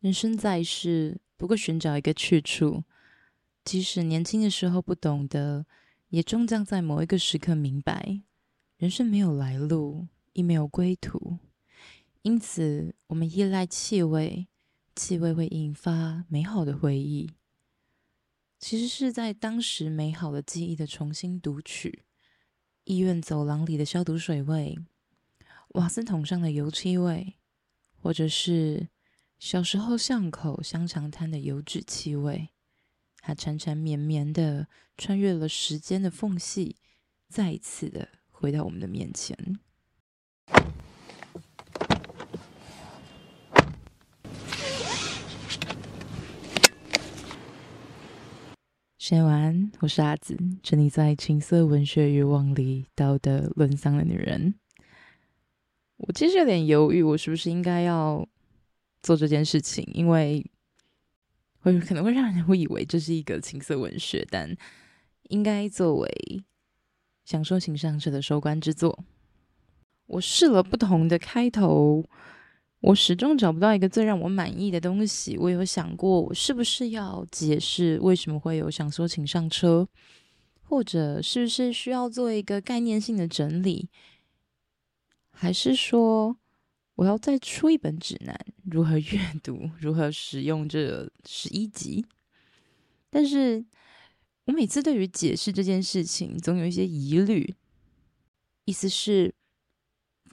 人生在世，不過尋找一個去處。即使年輕的時候不懂得，也終將在某一個時刻明白：人生沒有來路，亦沒有歸途。因此，我們依賴氣味，氣味會引發美好的回憶。其實是在當時美好的記憶的重新讀取。醫院走廊裡的消毒水味，瓦斯桶上的油漆味，或者是……小時候巷口香腸攤的油脂氣味，它纏纏綿綿的穿越了時間的縫隙，再一次的回到我們的面前。深夜晚安，我是阿梓，沉溺在情色文學欲望裡道德淪喪的女人。我其實有點猶豫，我是不是應該要。做這件事情，因為會可能會讓人會以為這是一個情色文學，但應該作為《想說請上車》的收官之作，我試了不同的開頭，我始終找不到一個最讓我滿意的東西。我有想過，我是不是要解釋為什麼會有《想說請上車》，或者是不是需要做一個概念性的整理，還是說，我要再出一本指南，如何閱讀，如何使用這十一集。但是我每次對於解釋這件事情，總有一些疑慮。意思是，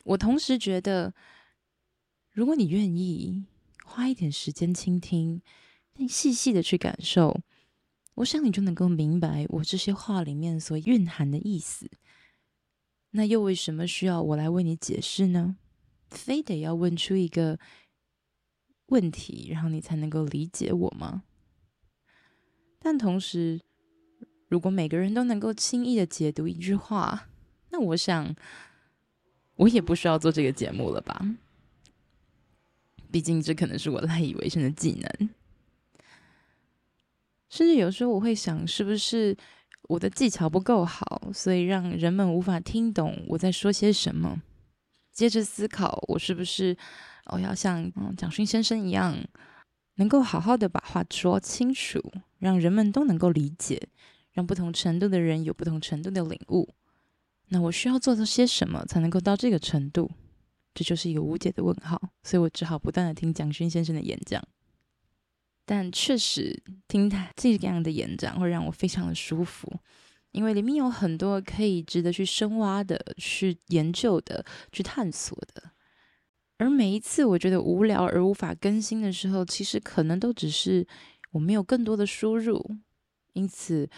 我同時覺得，如果你願意花一點時間傾聽，並細細的去感受，我想你就能夠明白我這些話裡面所蘊含的意思。那又為什麼需要我來為你解釋呢？非得要問出一個問題，然後你才能夠理解我嗎？但同時，如果每個人都能夠輕易的解讀一句話，那我想，我也不需要做這個節目了吧？畢竟，這可能是我賴以為生的技能。甚至有時候，我會想，是不是我的技巧不夠好，所以讓人們無法聽懂我在說些什麼。接着思考，我是不是我、哦、要像、嗯、蔣勳先生一樣，能夠好好的把話說清楚，讓人們都能夠理解，讓不同程度的人有不同程度的領悟。那我需要做到些什麼才能夠到這個程度？這就是一個無解的問號，所以我只好不斷的聽蔣勳先生的演講。但確實聽他這樣的演講會讓我非常的舒服。因為裡面有很多可以值得去深挖的、去研究的、去探索的，而每一次我覺得無聊而無法更新的時候，其實可能都只是我沒有更多的輸入，因此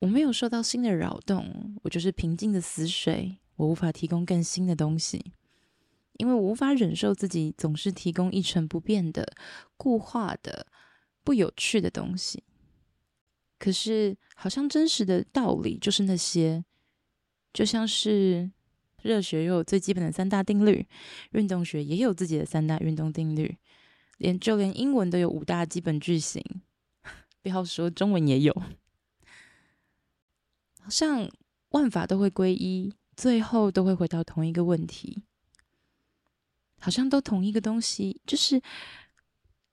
我沒有受到新的擾動，我就是平靜的死水，我無法提供更新的東西，因為我無法忍受自己總是提供一成不變的、固化的、不有趣的東西。可是，好像真實的道理就是那些，就像是熱學又有最基本的三大定律，運動學也有自己的三大運動定律，連就連英文都有五大基本句型，不要說中文也有，好像萬法都會歸一，最後都會回到同一個問題，好像都同一個東西，就是。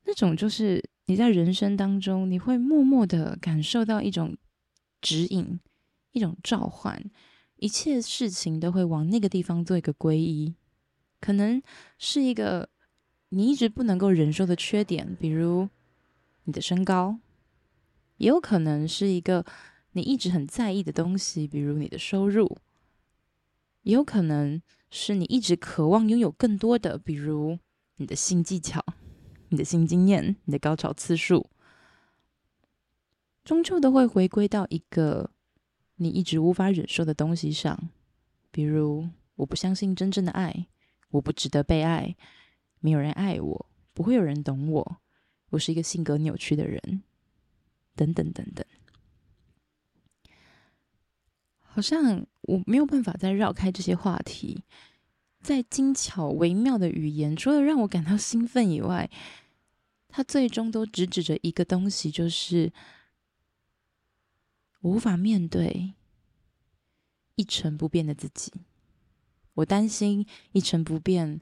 那種就是你在人生當中，你會默默的感受到一種指引，一種召喚，一切事情都會往那個地方做一個皈依。可能是一個你一直不能夠忍受的缺點，比如你的身高；也有可能是一個你一直很在意的東西，比如你的收入；也有可能是你一直渴望擁有更多的，比如你的新技巧。你的性經驗，你的高潮次數，終究都會回歸到一個你一直無法忍受的東西上，比如我不相信真正的愛，我不值得被愛，沒有人愛我，不會有人懂我，我是一個性格扭曲的人，等等等等，好像我沒有辦法再繞開這些話題，再精巧微妙的語言，除了讓我感到興奮以外。他最終都直指，指着一個東西，就是無法面對一成不變的自己。我擔心一成不變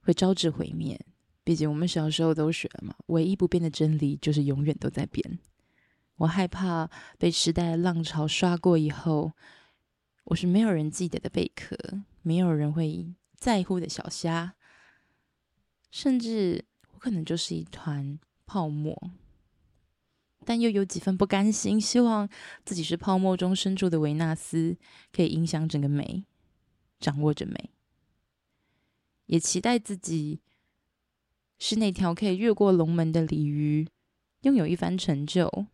會招致毀滅。畢竟我們小時候都學了嘛，唯一不變的真理就是永遠都在變。我害怕被時代的浪潮刷過以後，我是沒有人記得的貝殼，沒有人會在乎的小蝦，甚至。可能就是一團泡沫，但又有幾分不甘心，希望自己是泡沫中深處的維納斯，可以影響整個美，掌握着美，也期待自己是那條可以越過龍門的鯉魚，擁有一番成就。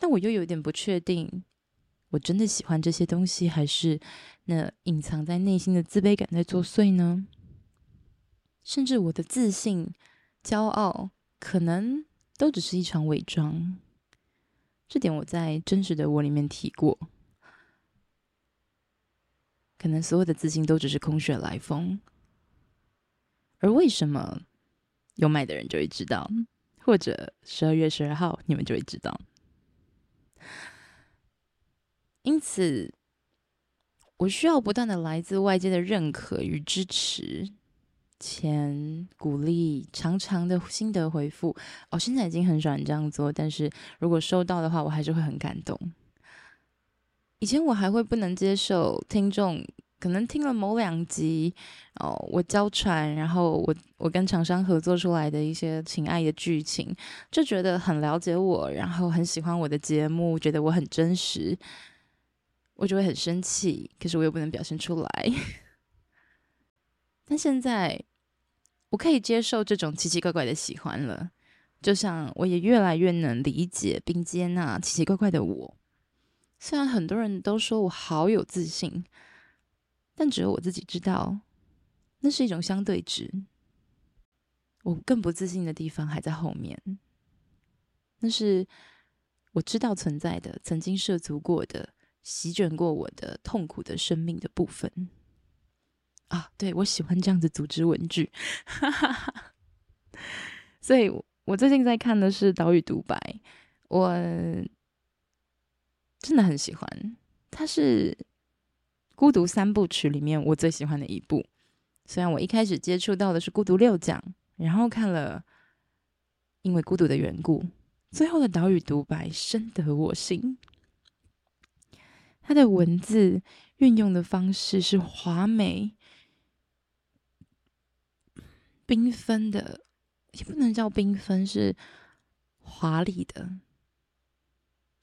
但我又有點不確定，我真的喜歡這些東西，還是那隱藏在內心的自卑感在作祟呢？甚至我的自信、驕傲，可能都只是一場偽裝。這點我在《真實的我》裡面提過，可能所有的自信都只是空穴來風。而為什麼有買的人就會知道，或者十二月十二號你們就會知道。因此，我需要不斷的來自外界的認可與支持。前鼓勵長長的心得回復哦，現在已經很喜歡這樣做，但是如果收到的話，我還是會很感動。以前我還會不能接受聽眾可能聽了某兩集哦，我嬌喘，然後我我跟廠商合作出來的一些情愛的劇情，就覺得很了解我，然後很喜歡我的節目，覺得我很真實，我就會很生氣，可是我又不能表現出來。但現在。我可以接受這種奇奇怪怪的喜歡了，就像我也越來越能理解並接納奇奇怪怪的我。雖然很多人都說我好有自信，但只有我自己知道，那是一種相對值。我更不自信的地方還在後面，那是我知道存在的、曾經涉足過的、席捲過我的痛苦的生命的部分。啊，對，我喜歡這樣子組織文句，哈哈哈哈。所以我最近在看的是《島嶼獨白》，我真的很喜歡，它是《孤獨三部曲》裡面我最喜歡的一部。雖然我一開始接觸到的是《孤獨六講》，然後看了《因為孤獨的緣故》，最後的《島嶼獨白》深得我心。它的文字運用的方式是華美。繽紛的，也不能叫繽紛，是華麗的、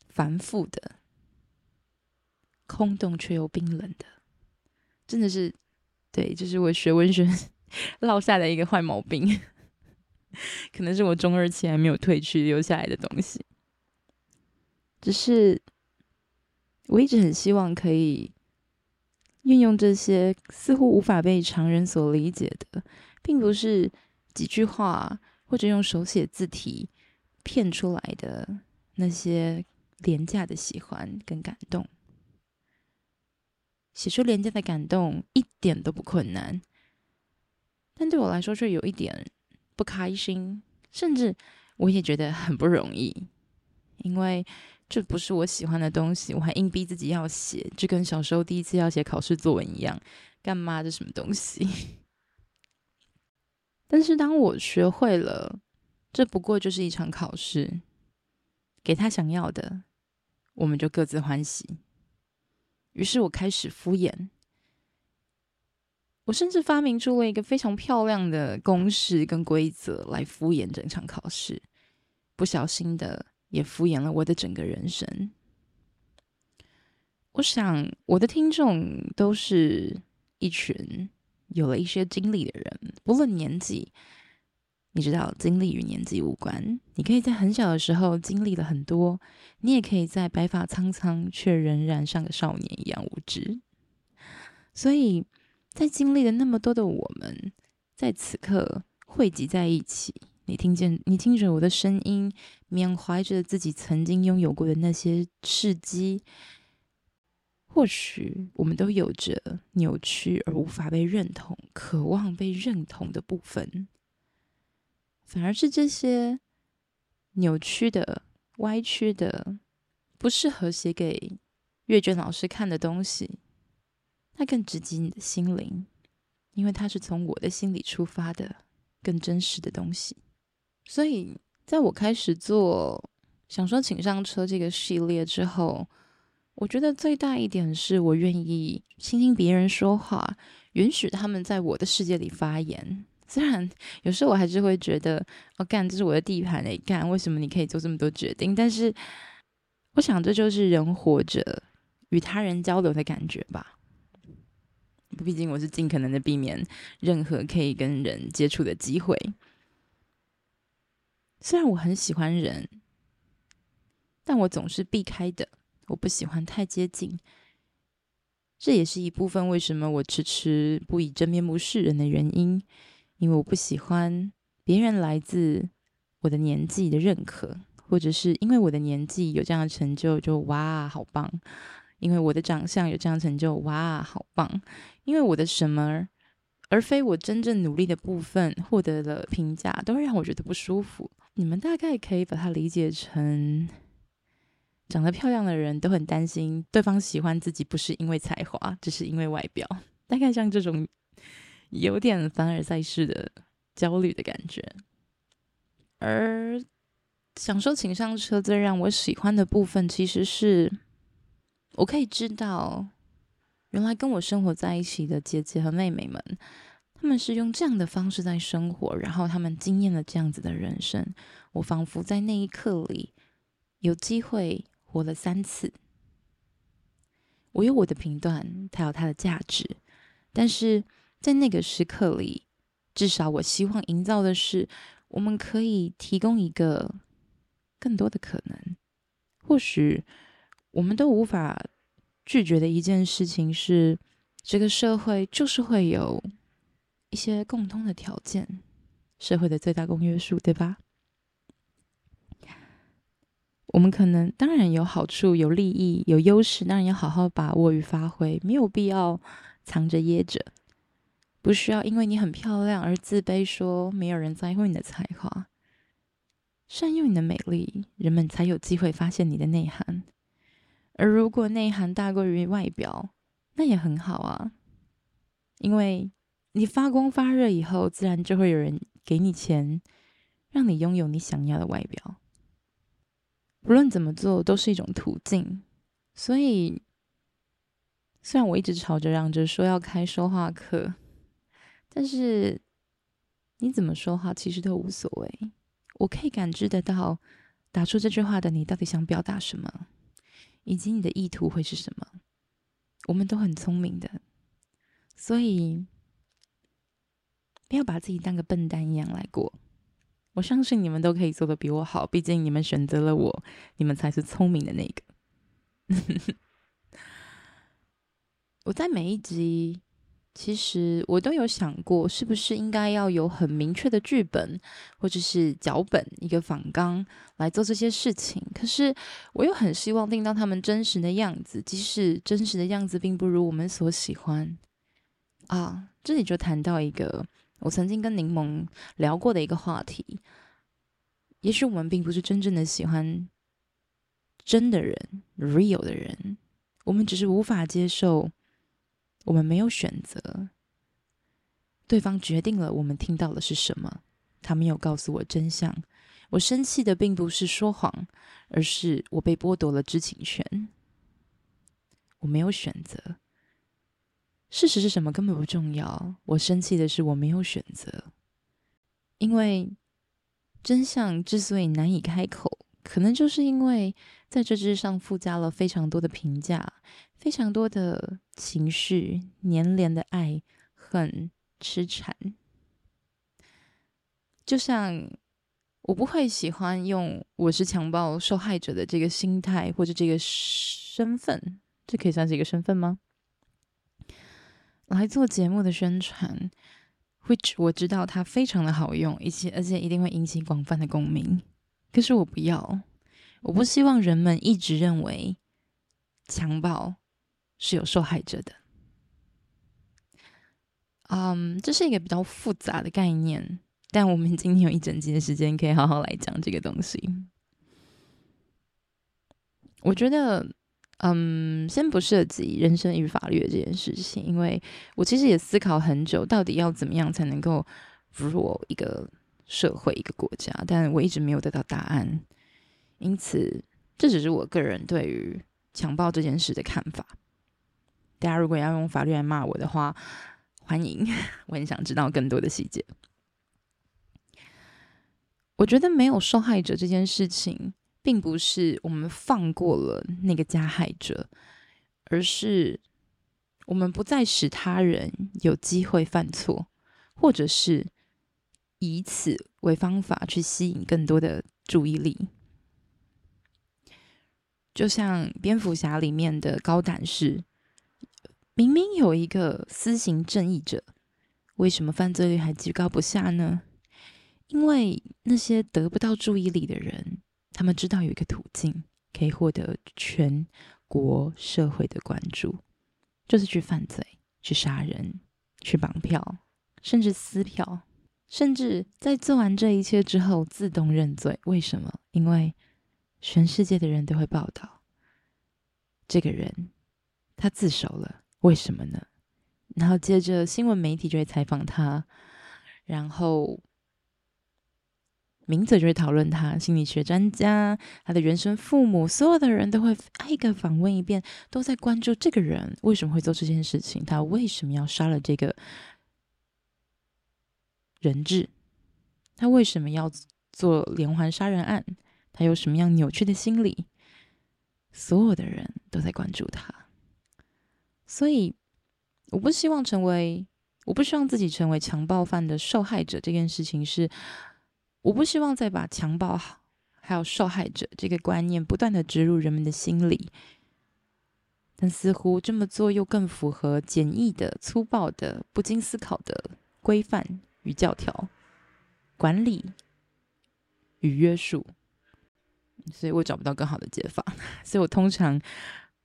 繁複的、空洞卻又冰冷的，真的是，對，就是我學文學 落下的一個壞毛病， 可能是我中二期還沒有褪去留下來的東西。只是我一直很希望可以運用這些似乎無法被常人所理解的。並不是幾句話或者用手寫字體騙出來的那些廉價的喜歡跟感動，寫出廉價的感動一點都不困難，但對我來說卻有一點不開心，甚至我也覺得很不容易，因為這不是我喜歡的東西，我還硬逼自己要寫，就跟小時候第一次要寫考試作文一樣，幹嘛這什麼東西？但是當我學會了，這不過就是一場考試，給他想要的，我們就各自歡喜。於是我開始敷衍，我甚至發明出了一個非常漂亮的公式跟規則來敷衍整場考試，不小心的也敷衍了我的整個人生。我想我的聽眾都是一群。有了一些經歷的人，不論年紀，你知道經歷與年紀無關。你可以在很小的時候經歷了很多，你也可以在白髮蒼蒼卻仍然像個少年一樣無知。所以在經歷了那麼多的我們，在此刻匯集在一起，你聽見，你聽着我的聲音，緬懷着自己曾經擁有過的那些事跡。或許我們都有着扭曲而無法被認同、渴望被認同的部分，反而是這些扭曲的、歪曲的、不適合寫給閱卷老師看的東西，它更直擊你的心靈，因為它是從我的心裡出發的，更真實的東西。所以，在我開始做“想說請上車”這個系列之後。我覺得最大一點是我願意傾聽別人說話，允許他們在我的世界裡發言。雖然有時候我還是會覺得，我、哦、幹這是我的地盤嘞，幹為什麼你可以做這麼多決定？但是我想這就是人活着與他人交流的感覺吧。畢竟我是盡可能的避免任何可以跟人接觸的機會。雖然我很喜歡人，但我總是避開的。我不喜歡太接近，這也是一部分為什麼我遲遲不以真面目示人的原因，因為我不喜歡別人來自我的年紀的認可，或者是因為我的年紀有這樣的成就就哇好棒，因為我的長相有這樣的成就哇好棒，因為我的什麼，而非我真正努力的部分獲得了評價，都會讓我覺得不舒服。你們大概可以把它理解成。長得漂亮的人都很擔心對方喜歡自己不是因為才華，只是因為外表。大概像這種有點凡爾賽式的焦慮的感覺。而享受請上車最讓我喜歡的部分，其實是我可以知道，原來跟我生活在一起的姐姐和妹妹們，她們是用這樣的方式在生活，然後她們經驗了這樣子的人生。我仿佛在那一刻裡有機會。活了三次，我有我的評斷，它有它的價值，但是在那個時刻裡，至少我希望營造的是，我們可以提供一個更多的可能。或許我們都無法拒絕的一件事情是，這個社會就是會有一些共通的條件，社會的最大公約數，對吧？我們可能當然有好處、有利益、有優勢，當然要好好把握與發揮，沒有必要藏着掖着。不需要因為你很漂亮而自卑說，說沒有人在乎你的才華。善用你的美麗，人們才有機會發現你的內涵。而如果內涵大過於外表，那也很好啊，因為你發光發熱以後，自然就會有人給你錢，讓你擁有你想要的外表。不論怎麼做，都是一種途徑。所以，雖然我一直吵着嚷着說要開說話課，但是你怎麼說話其實都無所謂。我可以感知得到，打出這句話的你到底想表達什麼，以及你的意圖會是什麼。我們都很聰明的，所以不要把自己當個笨蛋一樣來過。我相信你們都可以做得比我好，畢竟你們選擇了我，你們才是聰明的那個。 我在每一集，其實我都有想過，是不是應該要有很明確的劇本或者是腳本，一個訪綱來做這些事情。可是我又很希望聽到他們真實的樣子，即使真實的樣子並不如我們所喜歡。啊，這裡就談到一個。我曾經跟檸檬聊過的一個話題，也許我們並不是真正的喜歡真的人，real 的人，我們只是無法接受，我們沒有選擇，對方決定了我們聽到的是什麼，他沒有告訴我真相，我生氣的並不是說謊，而是我被剝奪了知情權，我沒有選擇。事實是什麼根本不重要。我生氣的是我沒有選擇，因為真相之所以難以開口，可能就是因為在這之上附加了非常多的評價，非常多的情緒粘連的愛恨痴纏。就像我不會喜歡用“我是強暴受害者的”這個心態或者這個身份，這可以算是一個身份嗎？來做節目的宣傳，which 我知道它非常的好用，以及而且一定會引起廣泛的共鳴。可是我不要，我不希望人們一直認為強暴是有受害者的。嗯、um，這是一個比較複雜的概念，但我們今天有一整集的時間，可以好好來講這個東西。我覺得。嗯、um，先不涉及人生與法律這件事情，因為我其實也思考很久，到底要怎麼樣才能夠如 u 一個社會、一個國家，但我一直沒有得到答案。因此，這只是我個人對於強暴這件事的看法。大家如果要用法律來罵我的話，歡迎，我很想知道更多的細節。我覺得沒有受害者這件事情。並不是我們放過了那個加害者，而是我們不再使他人有機會犯錯，或者是以此為方法去吸引更多的注意力。就像蝙蝠俠裡面的高譚市，明明有一個私刑正義者，為什麼犯罪率還居高不下呢？因為那些得不到注意力的人。他們知道有一個途徑可以獲得全國社會的關注，就是去犯罪、去殺人、去綁票，甚至撕票，甚至在做完這一切之後自動認罪。為什麼？因為全世界的人都會報道，這個人他自首了。為什麼呢？然後接着新聞媒體就會採訪他，然後。名嘴就會討論他心理學專家，他的原生父母，所有的人都會挨個訪問一遍，都在關注這個人為什麼會做這件事情，他為什麼要殺了這個人質，他為什麼要做連環殺人案，他有什麼樣扭曲的心理？所有的人都在關注他，所以我不希望成為，我不希望自己成為強暴犯的受害者。這件事情是。我不希望再把強暴，還有受害者這個觀念不斷的植入人們的心裡，但似乎這麼做又更符合簡易的、粗暴的、不經思考的規範與教條管理與約束，所以我找不到更好的解法，所以我通常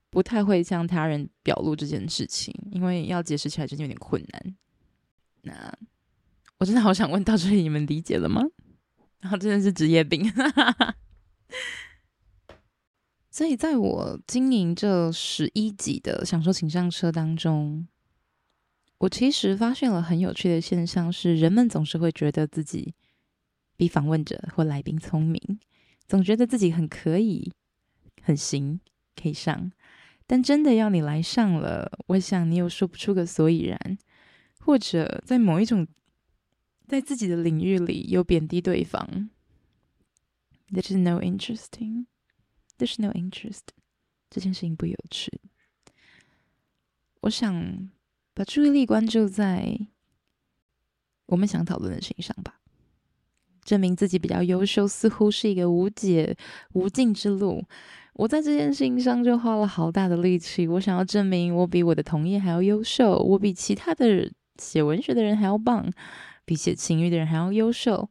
不太會向他人表露這件事情，因為要解釋起來真的有點困難。那我真的好想問到這裡，你們理解了嗎？然後真的是職業病，哈哈哈。所以在我經營這十一集的《想說請上車》當中，我其實發現了很有趣的現象：是人們總是會覺得自己比訪問者或來賓聰明，總覺得自己很可以、很行、可以上，但真的要你來上了，我想你又說不出個所以然，或者在某一種。在自己的領域裡有貶低對方，There's no interesting, There's no interest，這件事情不有趣。我想把注意力關注在我們想討論的事情上吧。證明自己比較優秀，似乎是一個無解、無盡之路。我在這件事情上就花了好大的力氣。我想要證明我比我的同業還要優秀，我比其他的寫文學的人還要棒。比寫情欲的人還要優秀，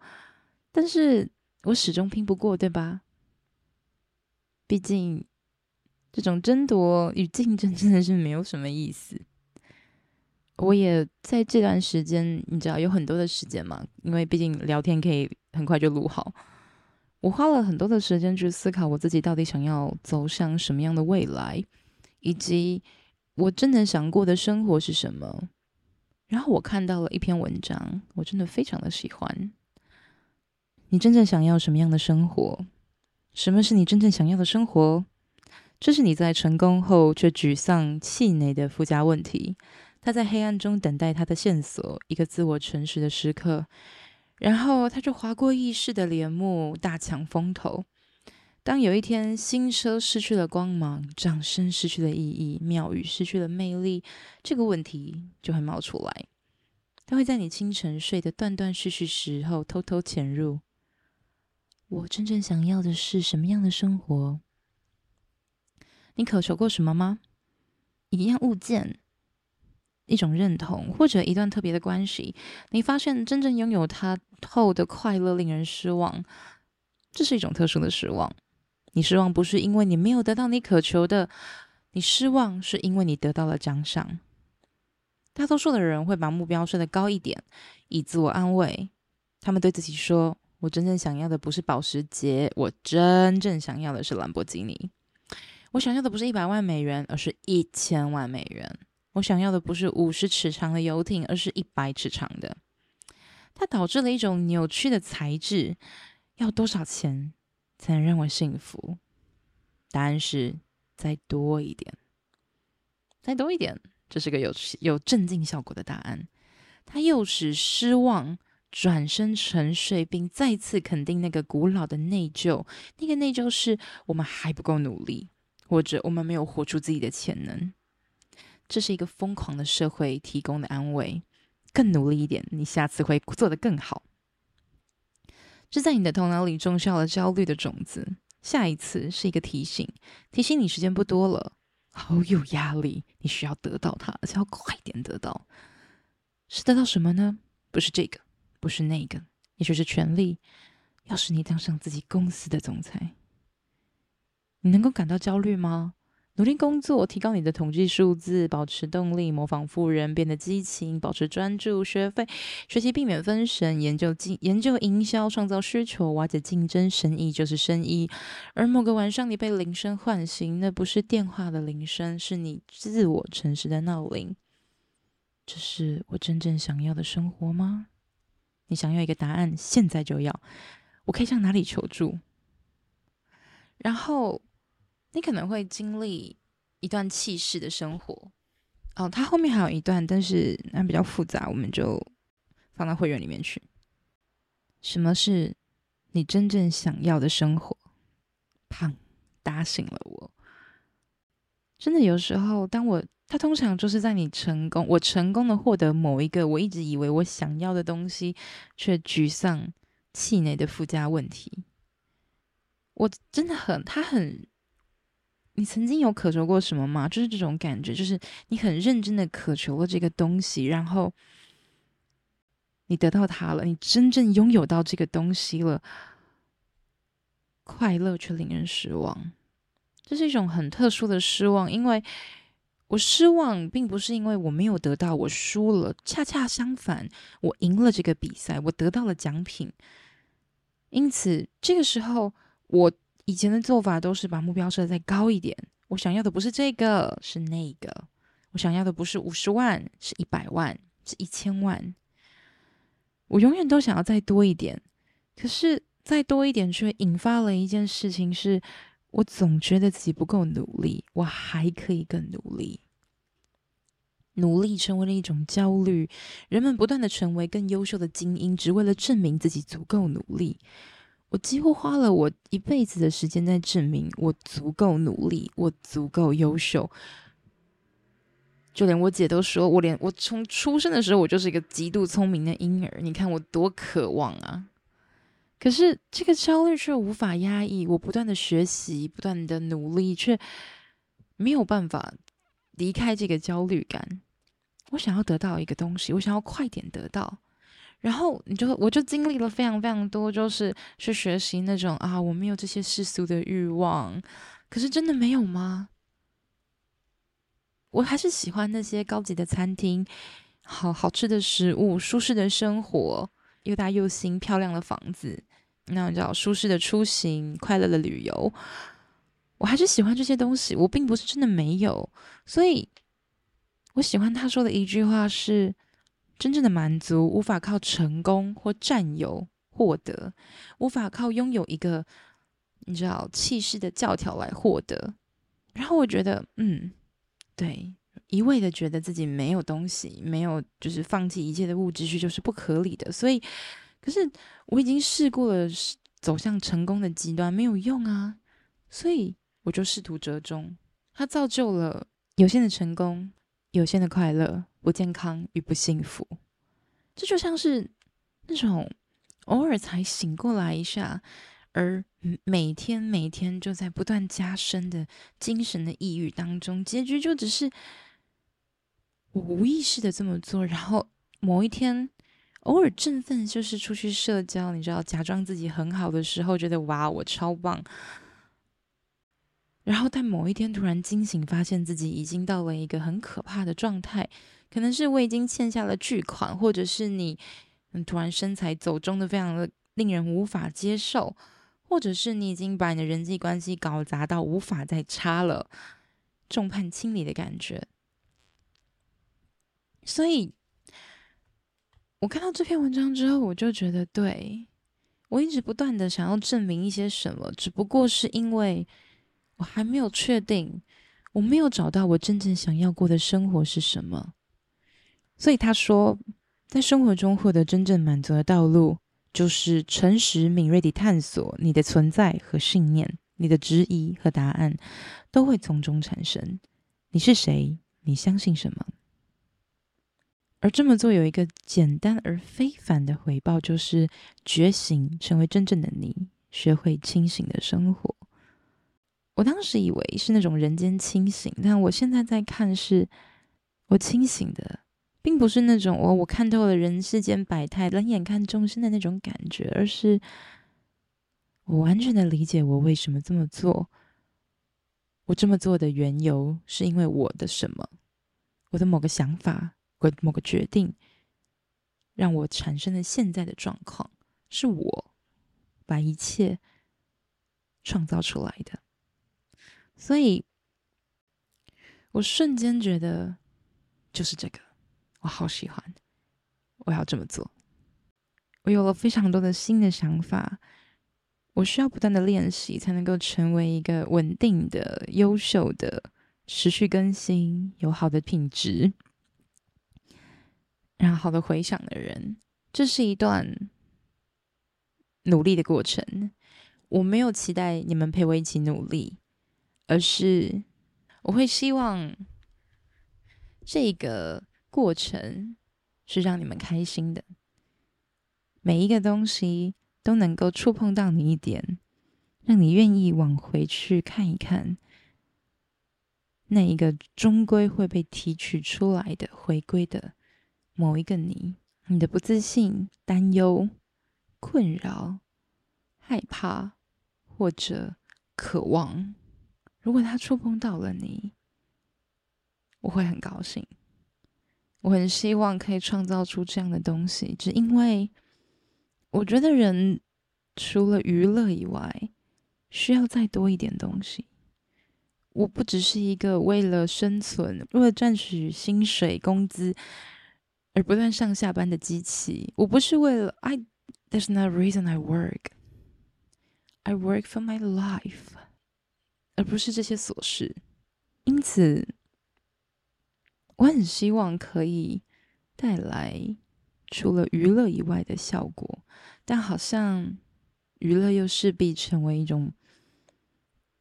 但是我始終拼不過，對吧？畢竟這種爭奪與競爭真的是沒有什麼意思。我也在這段時間，你知道有很多的時間嘛，因為畢竟聊天可以很快就錄好。我花了很多的時間去思考我自己到底想要走向什麼樣的未來，以及我真的想過的生活是什麼。然後我看到了一篇文章，我真的非常的喜歡。你真正想要什麼樣的生活？什麼是你真正想要的生活？這是你在成功後卻沮喪氣餒的附加問題。他在黑暗中等待他的線索，一個自我誠實的時刻。然後他就劃過意識的簾幕，大搶風頭。當有一天新車失去了光芒，掌聲失去了意義，妙語失去了魅力，這個問題就會冒出來。它會在你清晨睡得斷斷續續時候偷偷潛入。我真正想要的是什麼樣的生活？你渴求過什麼嗎？一樣物件，一種認同，或者一段特別的關係？你發現真正擁有它後的快樂令人失望，這是一種特殊的失望。你失望不是因為你沒有得到你渴求的，你失望是因為你得到了獎賞。大多數的人會把目標設得高一點，以自我安慰。他們對自己說：“我真正想要的不是保時捷，我真正想要的是蘭博基尼。我想要的不是一百萬美元，而是一千萬美元。我想要的不是五十尺長的遊艇，而是一百尺長的。”它導致了一種扭曲的材質，要多少錢？才能讓我幸福？答案是再多一點，再多一點。這是個有有鎮靜效果的答案。它又使失望轉身沉睡，並再次肯定那個古老的內疚。那個內疚是：我們還不夠努力，或者我們沒有活出自己的潛能。這是一個瘋狂的社會提供的安慰：更努力一點，你下次會做得更好。是在你的頭腦裡種下了焦慮的種子。下一次是一個提醒，提醒你時間不多了，好有壓力。你需要得到它，而且要快點得到。是得到什麼呢？不是這個，不是那個，也許是權力。要是你當上自己公司的總裁，你能夠感到焦慮嗎？努力工作，提高你的統計數字，保持動力，模仿富人，變得激情，保持專注，學費學習，避免分神，研究經研究營銷，創造需求，瓦解競爭，生意就是生意。而某個晚上，你被鈴聲喚醒，那不是電話的鈴聲，是你自我誠實的鬧鈴。這是我真正想要的生活嗎？你想要一個答案，現在就要。我可以向哪裡求助？然後。你可能會經歷一段氣勢的生活，哦，它後面還有一段，但是那比較複雜，我們就放到會員裡面去。什麼是你真正想要的生活？啪，打醒了我。真的，有時候當我他通常就是在你成功，我成功的獲得某一個我一直以為我想要的東西，卻沮喪、氣餒的附加問題。我真的很，他很。你曾經有渴求過什麼嗎？就是這種感覺，就是你很認真的渴求了這個東西，然後你得到它了，你真正擁有到這個東西了，快樂卻令人失望。這是一種很特殊的失望，因為我失望並不是因為我沒有得到，我輸了。恰恰相反，我贏了這個比賽，我得到了獎品。因此這個時候我。以前的做法都是把目標設得再高一點。我想要的不是這個，是那個。我想要的不是五十萬，是一百萬，是一千萬。我永遠都想要再多一點。可是再多一點，卻引發了一件事情是：是我總覺得自己不夠努力，我還可以更努力。努力成為了一種焦慮。人們不斷地成為更優秀的精英，只為了證明自己足夠努力。我幾乎花了我一輩子的時間在證明我足夠努力，我足夠優秀。就連我姐都說，我連我從出生的時候，我就是一個極度聰明的嬰兒。你看我多渴望啊！可是這個焦慮卻無法壓抑。我不斷的學習，不斷的努力，卻沒有辦法離開這個焦慮感。我想要得到一個東西，我想要快點得到。然後你就我就經歷了非常非常多，就是去學習那種啊，我沒有這些世俗的慾望，可是真的沒有嗎？我還是喜歡那些高級的餐廳、好好吃的食物、舒適的生活、又大又新漂亮的房子、那叫舒適的出行、快樂的旅遊。我還是喜歡這些東西，我並不是真的沒有，所以我喜歡他說的一句話是真正的滿足無法靠成功或占有獲得，無法靠擁有一個你知道氣勢的教條來獲得。然後我覺得，嗯，對，一味的覺得自己沒有東西，沒有就是放棄一切的物質需求，就是不合理的。所以，可是我已經試過了走向成功的極端，沒有用啊。所以我就試圖折中，它造就了有限的成功，有限的快樂。不健康與不幸福。這就像是那種偶爾才醒過來一下，而每天每天就在不斷加深的精神的抑鬱當中，結局就只是我無意識的這麼做，然後某一天偶爾振奮，就是出去社交，你知道，假裝自己很好的時候，覺得哇，我超棒，然後但某一天突然驚醒，發現自己已經到了一個很可怕的狀態。可能是我已經欠下了巨款，或者是你突然身材走鐘，得非常的令人無法接受，或者是你已經把你的人際關係搞砸到無法再差了，眾叛親離的感覺。所以，我看到這篇文章之後，我就覺得對，我一直不斷的想要證明一些什麼，只不過是因為我還沒有確定，我沒有找到我真正想要過的生活是什麼。所以他說，在生活中獲得真正滿足的道路，就是誠實、敏銳的探索你的存在和信念，你的質疑和答案都會從中產生。你是誰？你相信什麼？而這麼做有一個簡單而非凡的回報，就是覺醒，成為真正的你，學會清醒的生活。我當時以為是那種人間清醒，但我現在在看是我清醒的。並不是那種我我看透了人世間百態，冷眼看眾生的那種感覺，而是我完全的理解我為什麼這麼做。我這麼做的緣由，是因為我的什麼？我的某個想法，我的某個決定，讓我產生了現在的狀況。是我把一切創造出來的，所以，我瞬間覺得就是這個。我好喜歡，我要這麼做。我有了非常多的新的想法，我需要不斷的練習，才能夠成為一個穩定的、優秀的、持續更新、有好的品質、然後好的回響的人。這是一段努力的過程。我沒有期待你們陪我一起努力，而是我會希望這個。過程是讓你們開心的，每一個東西都能夠觸碰到你一點，讓你願意往回去看一看。那一個終歸會被提取出來的，回歸的某一個你，你的不自信、擔憂、困擾、害怕或者渴望，如果他觸碰到了你，我會很高興。我很希望可以創造出這樣的東西，只因為我覺得人除了娛樂以外，需要再多一點東西。我不只是一個為了生存、為了賺取薪水工資而不斷上下班的機器。我不是為了 I There's no reason I work. I work for my life，而不是這些瑣事。因此。我很希望可以帶來除了娛樂以外的效果，但好像娛樂又勢必成為一種，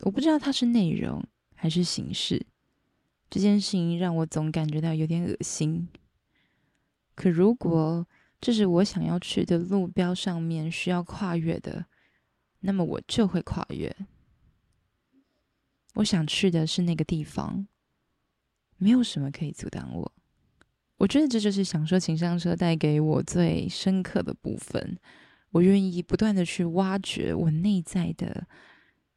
我不知道它是內容還是形式。這件事情讓我總感覺到有點噁心。可如果這是我想要去的路標上面需要跨越的，那麼我就會跨越。我想去的是那個地方。沒有什麼可以阻擋我，我覺得這就是想說請上車帶給我最深刻的部分。我願意不斷的去挖掘我內在的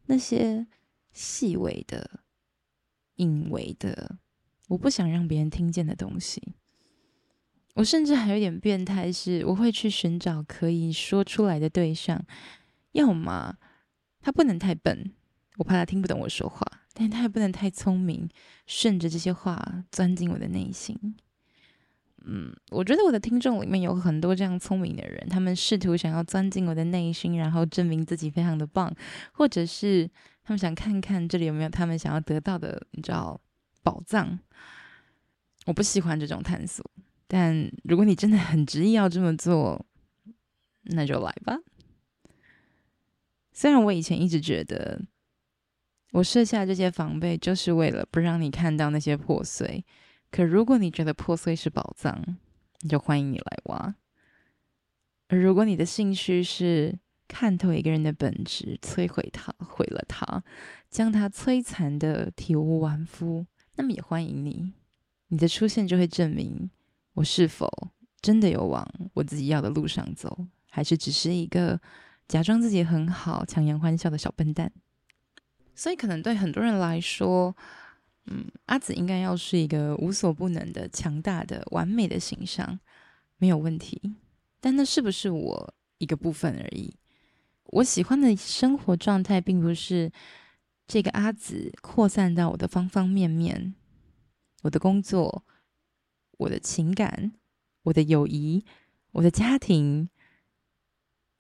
那些細微的、隱微的，我不想讓別人聽見的東西。我甚至還有點變態，是我會去尋找可以說出來的對象，要麼他不能太笨，我怕他聽不懂我說話。但他也不能太聰明，順着這些話鑽進我的內心。嗯，我覺得我的聽眾裡面有很多這樣聰明的人，他們試圖想要鑽進我的內心，然後證明自己非常的棒，或者是他們想看看這裡有沒有他們想要得到的，你知道寶藏。我不喜歡這種探索，但如果你真的很執意要這麼做，那就來吧。雖然我以前一直覺得。我設下這些防備，就是為了不讓你看到那些破碎。可如果你覺得破碎是寶藏，就歡迎你來挖；而如果你的興趣是看透一個人的本質，摧毀他，毀了他，將他摧殘的體無完膚，那麼也歡迎你。你的出現就會證明我是否真的有往我自己要的路上走，還是只是一個假裝自己很好、強顏歡笑的小笨蛋。所以，可能對很多人來說，嗯，阿梓應該要是一個無所不能的、強大的、完美的形象，沒有問題。但那是不是我一個部分而已？我喜歡的生活狀態，並不是這個阿梓擴散到我的方方面面：我的工作、我的情感、我的友誼、我的家庭、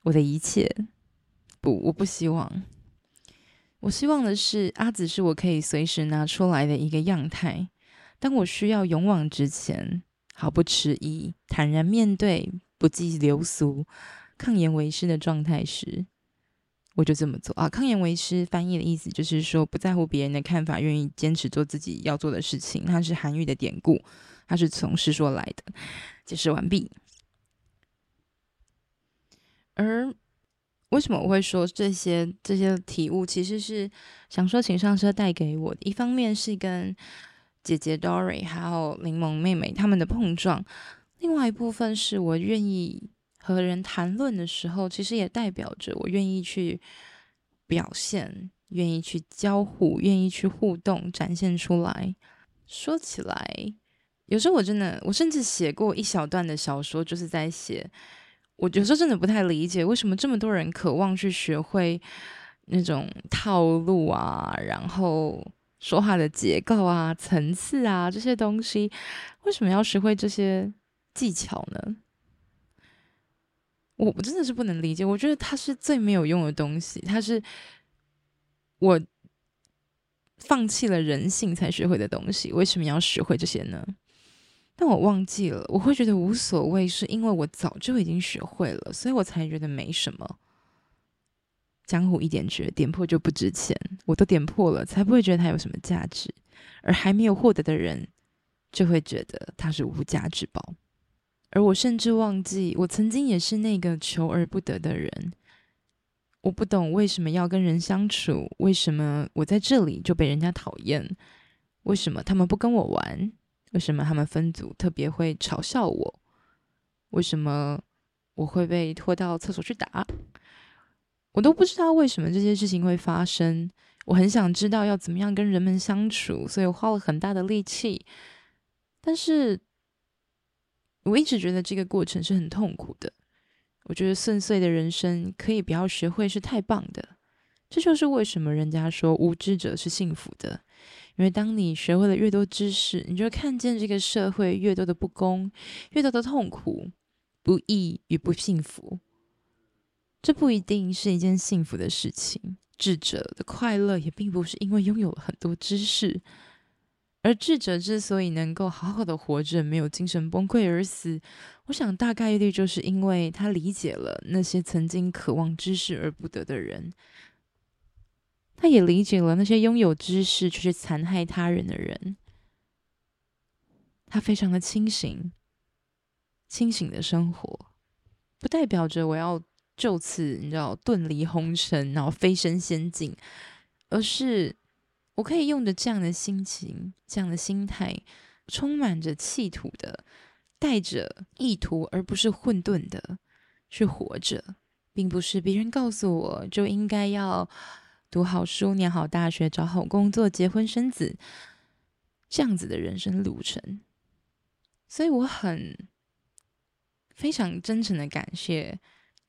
我的一切。不，我不希望。我希望的是，阿梓是我可以隨時拿出來的一個樣態。當我需要勇往直前、毫不遲疑、坦然面對、不計流俗、抗顏為師的狀態時，我就這麼做啊！抗顏為師翻譯的意思就是說不在乎別人的看法，願意堅持做自己要做的事情。它是韓愈的典故，它是從師說來的。解釋完畢。而為什麼我會說這些？這些體悟其實是想說請上車帶給我的。一方面是跟姐姐 Dory 還有檸檬妹妹他們的碰撞，另外一部分是我願意和人談論的時候，其實也代表着我願意去表現，願意去交互，願意去互動，展現出來。說起來，有時候我真的，我甚至寫過一小段的小說，就是在寫。我有時候真的不太理解，為什麼這麼多人渴望去學會那種套路啊，然後說話的結構啊、層次啊這些東西，為什麼要學會這些技巧呢？我我真的是不能理解。我覺得它是最沒有用的東西，它是我放棄了人性才學會的東西。為什麼要學會這些呢？但我忘記了，我會覺得無所謂，是因為我早就已經學會了，所以我才覺得沒什麼。江湖一點訣，點破就不值錢，我都點破了，才不會覺得它有什麼價值。而還沒有獲得的人，就會覺得它是無價之寶。而我甚至忘記，我曾經也是那個求而不得的人。我不懂為什麼要跟人相處，為什麼我在這裡就被人家討厭，為什麼他們不跟我玩。為什麼他們分組特別會嘲笑我？為什麼我會被拖到廁所去打？我都不知道為什麼這些事情會發生。我很想知道要怎麼樣跟人們相處，所以我花了很大的力氣。但是我一直覺得這個過程是很痛苦的。我覺得順遂的人生可以不要學會是太棒的。這就是為什麼人家說無知者是幸福的。因為當你學會了越多知識，你就會看見這個社會越多的不公、越多的痛苦、不義與不幸福。這不一定是一件幸福的事情。智者的快樂也並不是因為擁有了很多知識，而智者之所以能夠好好的活着，沒有精神崩潰而死，我想大概率就是因為他理解了那些曾經渴望知識而不得的人。他也理解了那些擁有知識卻去殘害他人的人。他非常的清醒，清醒的生活，不代表着我要就此你知道遁離紅塵，然後飛昇仙境，而是我可以用着這樣的心情、這樣的心態，充滿着企圖的，帶着意圖，而不是混沌的去活着，並不是別人告訴我就應該要。讀好書，念好大學，找好工作，結婚生子，這樣子的人生路程。所以我很非常真誠的感謝，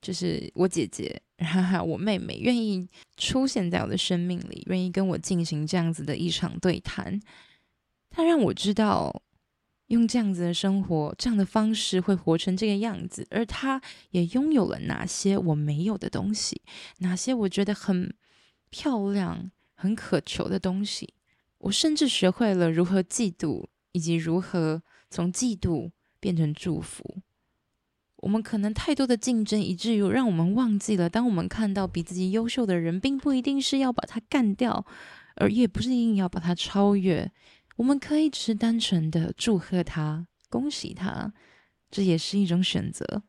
就是我姐姐，然後我妹妹願意出現在我的生命裡，願意跟我進行這樣子的一場對談。她讓我知道，用這樣子的生活，這樣的方式，會活成這個樣子，而她也擁有了哪些我沒有的東西，哪些我覺得很。漂亮，很渴求的東西。我甚至學會了如何嫉妒，以及如何從嫉妒變成祝福。我們可能太多的競爭，以至於讓我們忘記了，當我們看到比自己優秀的人，並不一定是要把他幹掉，而也不是一定要把他超越。我們可以只是單純的祝賀他，恭喜他，這也是一種選擇。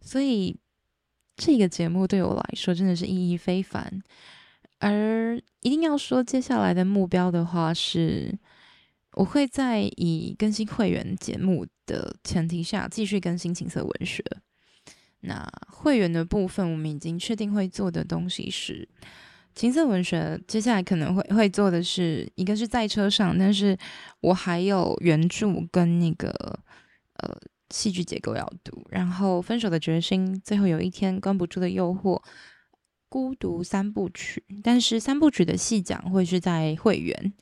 所以。這個節目對我來說真的是意義非凡，而一定要說接下來的目標的話，是我會在以更新會員節目的前提下繼續更新情色文學。那會員的部分，我們已經確定會做的東西是情色文學。接下來可能會會做的是一個是在車上，但是我還有原著跟那個呃。戲劇結構要讀，然後分手的決心，最後有一天關不住的誘惑，孤獨三部曲。但是三部曲的細講會是在會員，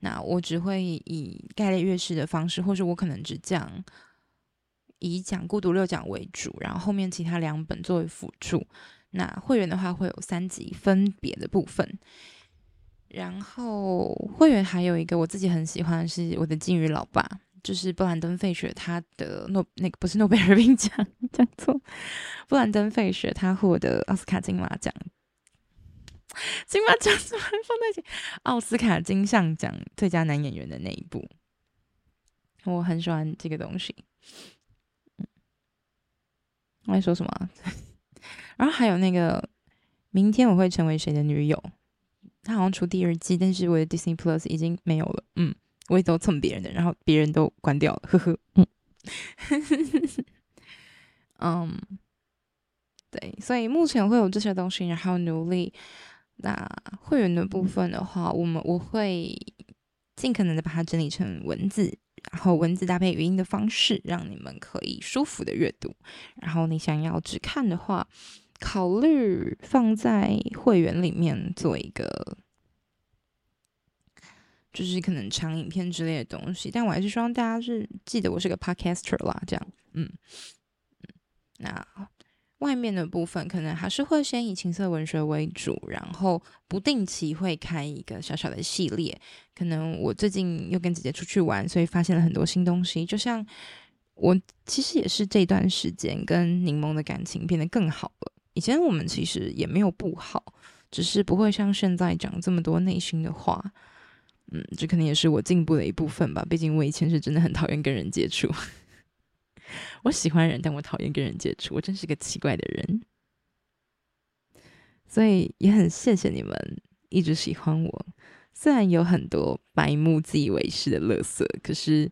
那我只會以概略樂視的方式，或是我可能只講以講孤獨六講為主，然後後面其他兩本作為輔助。那會員的話會有三集分別的部分，然後會員還有一個我自己很喜歡的是我的金魚老爸。就是布蘭登·費雪，他的諾，那個不是諾貝爾獎，講錯，布蘭登·費雪，他獲得奧斯卡金馬獎，金馬獎怎麼放在一起？奧斯卡金像獎最佳男演員的那一部，我很喜歡這個東西。嗯，我在說什麼？ 然後還有那個《明天我會成為誰的女友》，它好像出第二季，但是我的 Disney Plus 已經沒有了。嗯。我也都蹭別人的，然後別人都關掉了，呵呵，嗯， um, 對，所以目前會有這些東西，然後努力。那會員的部分的話，我們我會盡可能的把它整理成文字，然後文字搭配語音的方式，讓你們可以舒服的閱讀。然後你想要只看的話，考慮放在會員裡面做一個。就是可能長影片之類的東西，但我還是希望大家是記得我是個 podcaster 啦，這樣，嗯嗯，那外面的部分可能還是會先以情色文學為主，然後不定期會開一個小小的系列。可能我最近又跟姐姐出去玩，所以發現了很多新東西。就像我其實也是這段時間跟檸檬的感情變得更好了，以前我們其實也沒有不好，只是不會像現在講這麼多內心的話。嗯，這可能也是我進步的一部分吧。畢竟我以前是真的很討厭跟人接觸， 我喜歡人，但我討厭跟人接觸，我真是個奇怪的人。所以也很謝謝你們一直喜歡我，雖然有很多白目、自以為是的樂色，可是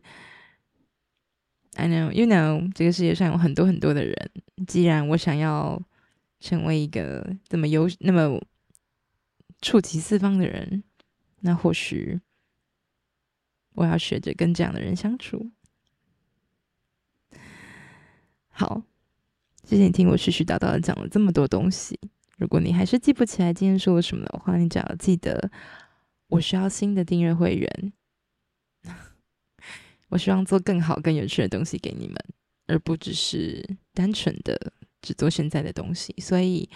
I know you know，這個世界上有很多很多的人。既然我想要成為一個這麼有，那麼觸及四方的人，那或許。我要學着跟這樣的人相處。好，謝謝你聽我絮絮叨叨的講了這麼多東西。如果你還是記不起來今天說了什麼的話，你只要記得，我需要新的訂閱會員。我希望做更好、更有趣的東西給你們，而不只是單純的只做現在的東西。所以，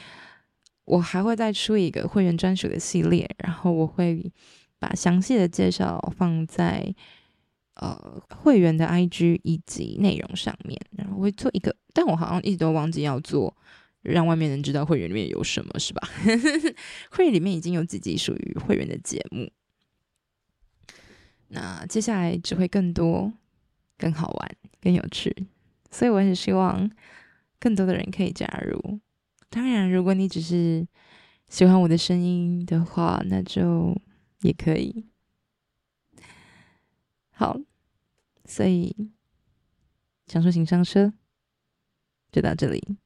我還會再出一個會員專屬的系列，然後我會。把詳細的介紹放在呃會員的 IG 以及內容上面，然後會做一個，但我好像一直都忘記要做，讓外面人知道會員裡面有什麼，是吧？ 會員裡面已經有自己屬於會員的節目，那接下來只會更多、更好玩、更有趣，所以我也希望更多的人可以加入。當然，如果你只是喜歡我的聲音的話，那就。也可以，好，所以想說請上車，就到這裡。